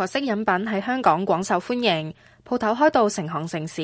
台式飲品喺香港廣受歡迎，鋪頭開到成行成市，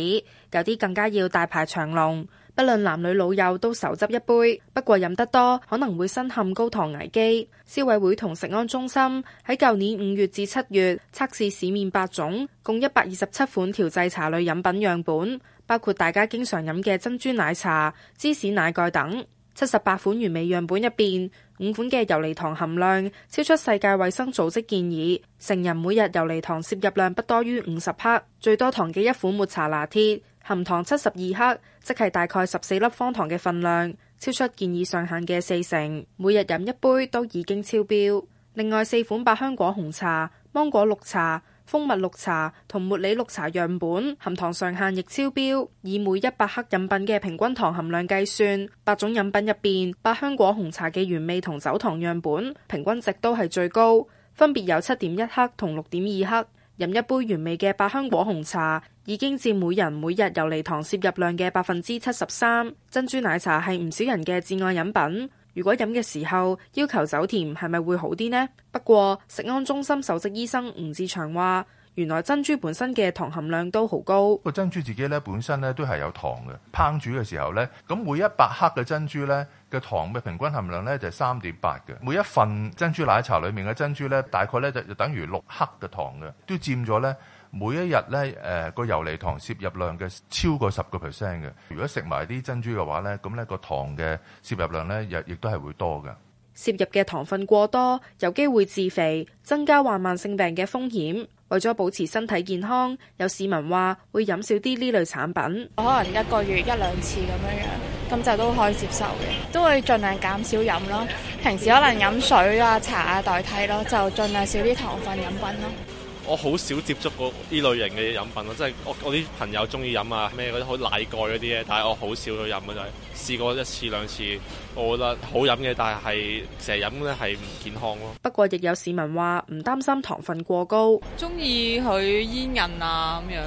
有啲更加要大排長龍。不論男女老幼都手執一杯，不過飲得多可能會身陷高糖危機。消委會同食安中心喺舊年五月至七月測試市面八種，共一百二十七款調製茶類飲品樣本，包括大家經常飲嘅珍珠奶茶、芝士奶蓋等。七十八款原味樣本入邊，五款嘅游離糖含量超出世界衛生組織建議，成人每日游離糖攝入量不多於五十克。最多糖嘅一款抹茶拿鐵，含糖七十二克，即係大概十四粒方糖嘅份量，超出建議上限嘅四成。每日飲一杯都已經超標。另外四款百香果紅茶、芒果綠茶、蜂蜜綠茶同茉莉綠茶樣本含糖上限亦超標。以每一百克飲品嘅平均糖含量計算，八種飲品入邊，百香果紅茶嘅原味同走糖樣本平均值都係最高，分別有七點一克同六點二克。飲一杯原味嘅百香果紅茶已經佔每人每日游離糖攝入量嘅百分之七十三。珍珠奶茶係唔少人嘅至愛飲品。如果飲嘅時候要求走甜，係咪會好啲呢？不過，食安中心首席醫生吳志祥話。原來珍珠本身嘅糖含量都好高。個珍珠自己咧本身咧都係有糖嘅。烹煮嘅時候咧，咁每一百克嘅珍珠咧嘅糖嘅平均含量咧就係三點八嘅。每一份珍珠奶茶裏面嘅珍珠咧，大概咧就就等於六克嘅糖嘅，都佔咗咧每一日咧誒個游離糖攝入量嘅超過十個 percent 嘅。如果食埋啲珍珠嘅話咧，咁咧個糖嘅攝入量咧亦亦都係會多嘅。攝入嘅糖分過多，有機會致肥，增加患慢性病嘅風險。為咗保持身體健康，有市民話會飲少啲呢類產品。可能一個月一兩次咁樣樣，咁就都可以接受嘅，都會盡量減少飲咯。平時可能飲水啊、茶啊代替咯，就盡量少啲糖分飲品咯。我好少接觸嗰啲類型嘅飲品咯，即係我我啲朋友中意飲啊咩嗰啲好奶蓋嗰啲咧，但係我好少去飲嘅，就係試過一次兩次，我覺得好飲嘅，但係成日飲咧係唔健康咯。不過亦有市民話唔擔心糖分過高，中意佢煙韌啊咁樣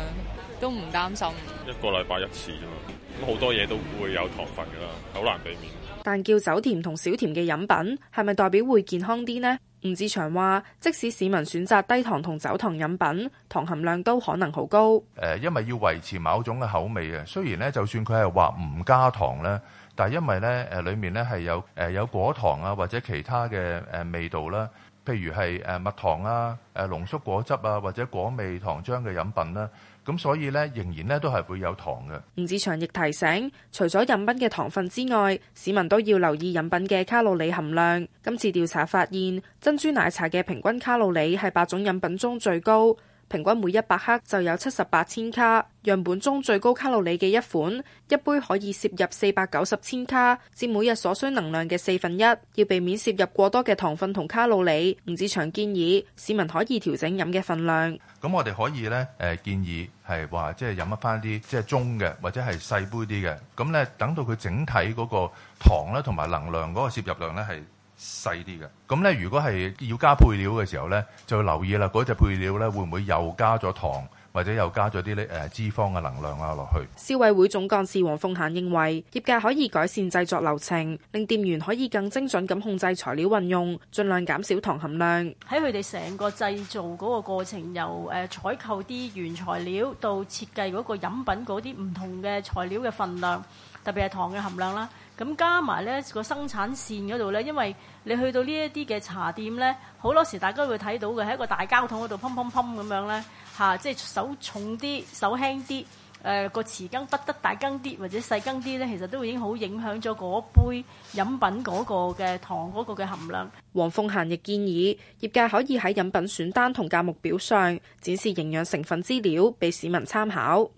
都唔擔心。一個禮拜一次啫嘛，咁好多嘢都會有糖分㗎啦，好難避免。但叫走甜同少甜嘅飲品，係咪代表會健康啲呢？吳志祥話：即使市民選擇低糖同走糖飲品，糖含量都可能好高。誒，因為要維持某種嘅口味嘅，雖然咧就算佢係話唔加糖咧，但係因為咧誒裏面咧係有誒有果糖啊或者其他嘅誒味道啦、啊。譬如係誒蜜糖啊、誒濃縮果汁啊或者果味糖漿嘅飲品啦，咁所以咧仍然咧都係會有糖嘅。吳志祥亦提醒，除咗飲品嘅糖分之外，市民都要留意飲品嘅卡路里含量。今次調查發現，珍珠奶茶嘅平均卡路里係八種飲品中最高。平均每一百克就有七十八千卡，樣本中最高卡路里嘅一款，一杯可以攝入四百九十千卡，至每日所需能量嘅四分一。要避免攝入過多嘅糖分同卡路里，吳志祥建議市民可以調整飲嘅份量。咁我哋可以咧，誒、呃、建議係話，即係飲一翻啲即係中嘅或者係細杯啲嘅，咁咧等到佢整體嗰個糖咧同埋能量嗰個攝入量咧係。細啲嘅，咁咧如果係要加配料嘅時候呢，就要留意啦。嗰、那、隻、個、配料呢，會唔會又加咗糖，或者又加咗啲呢誒脂肪嘅能量啊落去？消委會總幹事黃鳳嫻認為，業界可以改善製作流程，令店員可以更精準咁控制材料運用，盡量減少糖含量。喺佢哋成個製造嗰個過程，由誒採購啲原材料到設計嗰個飲品嗰啲唔同嘅材料嘅份量，特別係糖嘅含量啦。咁加埋咧個生產線嗰度咧，因為你去到呢一啲嘅茶店咧，好多時大家會睇到嘅喺一個大膠桶嗰度砰砰砰咁樣咧，嚇，即係手重啲、手輕啲，誒個匙羹不得大羹啲或者細羹啲咧，其實都會已經好影響咗嗰杯飲品嗰個嘅糖嗰個嘅含量。黃鳳嫺亦建議業界可以喺飲品選單同價目表上展示營養成分資料，俾市民參考。